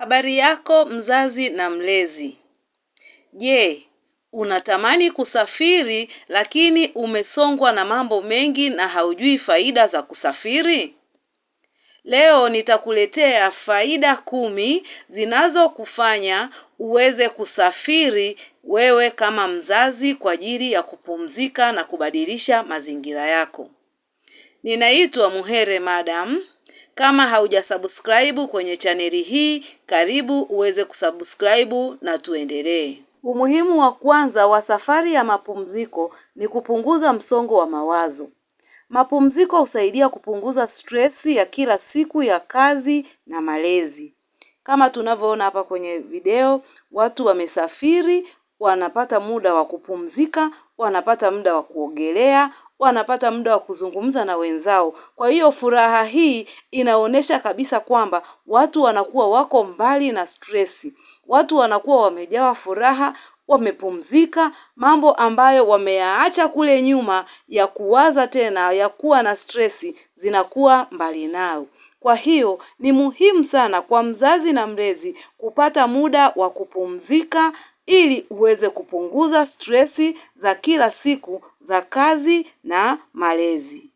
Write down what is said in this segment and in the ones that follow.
Habari yako mzazi na mlezi. Je, unatamani kusafiri lakini umesongwa na mambo mengi na haujui faida za kusafiri? Leo nitakuletea faida kumi zinazokufanya uweze kusafiri wewe kama mzazi kwa ajili ya kupumzika na kubadilisha mazingira yako. Ninaitwa Muhere Madam. Kama haujasubscribe kwenye chaneli hii, karibu uweze kusubscribe na tuendelee. Umuhimu wa kwanza wa safari ya mapumziko ni kupunguza msongo wa mawazo. Mapumziko husaidia kupunguza stresi ya kila siku ya kazi na malezi. Kama tunavyoona hapa kwenye video, watu wamesafiri, wanapata muda wa kupumzika, wanapata muda wa kuogelea, wanapata muda wa kuzungumza na wenzao. Kwa hiyo furaha hii inaonyesha kabisa kwamba watu wanakuwa wako mbali na stresi, watu wanakuwa wamejawa furaha, wamepumzika, mambo ambayo wameyaacha kule nyuma ya kuwaza tena, ya kuwa na stresi zinakuwa mbali nao. Kwa hiyo ni muhimu sana kwa mzazi na mlezi kupata muda wa kupumzika ili uweze kupunguza stresi za kila siku za kazi na malezi.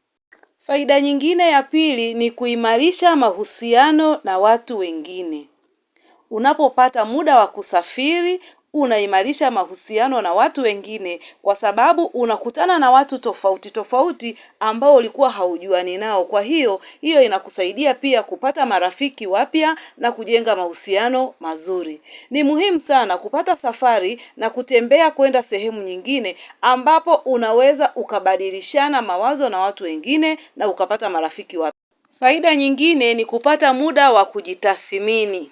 Faida nyingine ya pili ni kuimarisha mahusiano na watu wengine. Unapopata muda wa kusafiri, unaimarisha mahusiano na watu wengine kwa sababu unakutana na watu tofauti tofauti ambao ulikuwa haujuani nao. Kwa hiyo, hiyo inakusaidia pia kupata marafiki wapya na kujenga mahusiano mazuri. Ni muhimu sana kupata safari na kutembea kwenda sehemu nyingine ambapo unaweza ukabadilishana mawazo na watu wengine na ukapata marafiki wapya. Faida nyingine ni kupata muda wa kujitathmini.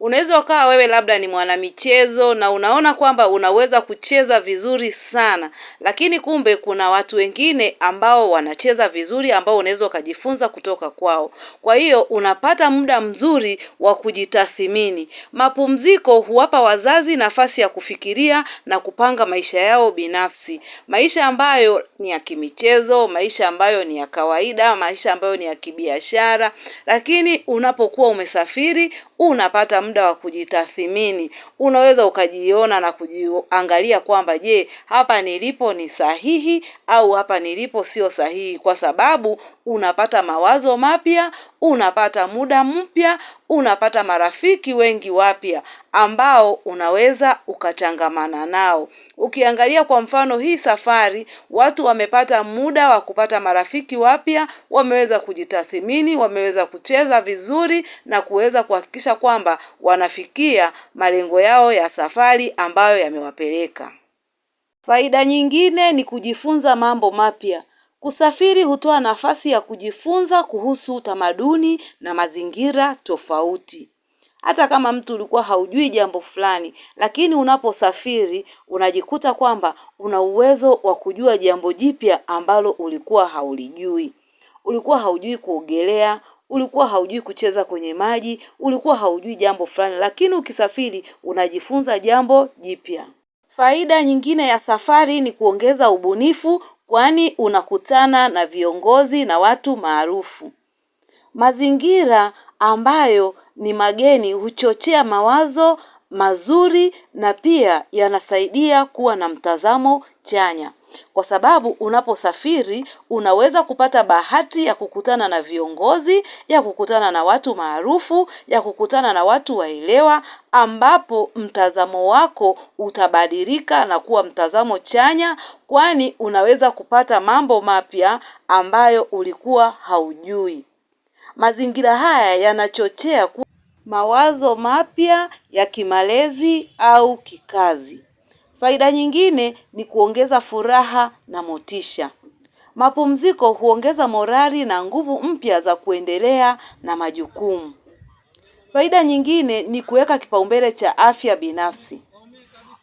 Unaweza ukawa wewe labda ni mwanamichezo na unaona kwamba unaweza kucheza vizuri sana, lakini kumbe kuna watu wengine ambao wanacheza vizuri ambao unaweza ukajifunza kutoka kwao. Kwa hiyo unapata muda mzuri wa kujitathimini. Mapumziko huwapa wazazi nafasi ya kufikiria na kupanga maisha yao binafsi, maisha ambayo ni ya kimichezo, maisha ambayo ni ya kawaida, maisha ambayo ni ya kibiashara. Lakini unapokuwa umesafiri unapata muda wa kujitathimini. Unaweza ukajiona na kujiangalia kwamba je, hapa nilipo ni sahihi au hapa nilipo sio sahihi, kwa sababu unapata mawazo mapya, unapata muda mpya, unapata marafiki wengi wapya ambao unaweza ukachangamana nao. Ukiangalia kwa mfano hii safari, watu wamepata muda wa kupata marafiki wapya, wameweza kujitathmini, wameweza kucheza vizuri na kuweza kuhakikisha kwamba wanafikia malengo yao ya safari ambayo yamewapeleka. Faida nyingine ni kujifunza mambo mapya. Usafiri hutoa nafasi ya kujifunza kuhusu tamaduni na mazingira tofauti. Hata kama mtu ulikuwa haujui jambo fulani, lakini unaposafiri unajikuta kwamba una uwezo wa kujua jambo jipya ambalo ulikuwa haulijui. Ulikuwa haujui kuogelea, ulikuwa haujui kucheza kwenye maji, ulikuwa haujui jambo fulani, lakini ukisafiri unajifunza jambo jipya. Faida nyingine ya safari ni kuongeza ubunifu, kwani unakutana na viongozi na watu maarufu. Mazingira ambayo ni mageni huchochea mawazo mazuri na pia yanasaidia kuwa na mtazamo chanya. Kwa sababu unaposafiri unaweza kupata bahati ya kukutana na viongozi, ya kukutana na watu maarufu, ya kukutana na watu waelewa ambapo mtazamo wako utabadilika na kuwa mtazamo chanya kwani unaweza kupata mambo mapya ambayo ulikuwa haujui. Mazingira haya yanachochea mawazo mapya ya kimalezi au kikazi. Faida nyingine ni kuongeza furaha na motisha. Mapumziko huongeza morali na nguvu mpya za kuendelea na majukumu. Faida nyingine ni kuweka kipaumbele cha afya binafsi.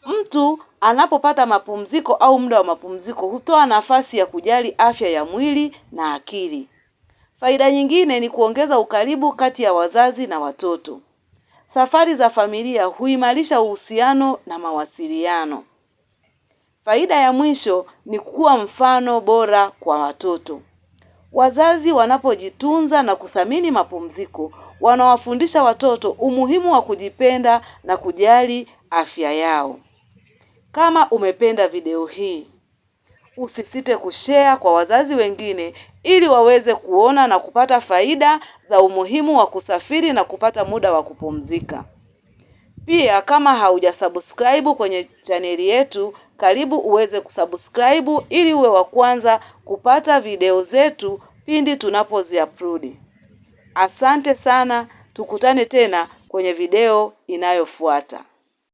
Mtu anapopata mapumziko au muda wa mapumziko hutoa nafasi ya kujali afya ya mwili na akili. Faida nyingine ni kuongeza ukaribu kati ya wazazi na watoto. Safari za familia huimarisha uhusiano na mawasiliano. Faida ya mwisho ni kuwa mfano bora kwa watoto. Wazazi wanapojitunza na kuthamini mapumziko, wanawafundisha watoto umuhimu wa kujipenda na kujali afya yao. Kama umependa video hii, usisite kushare kwa wazazi wengine ili waweze kuona na kupata faida za umuhimu wa kusafiri na kupata muda wa kupumzika. Pia kama hauja subscribe kwenye chaneli yetu, karibu uweze kusubscribe ili uwe wa kwanza kupata video zetu pindi tunapoziaprudi Asante sana, tukutane tena kwenye video inayofuata.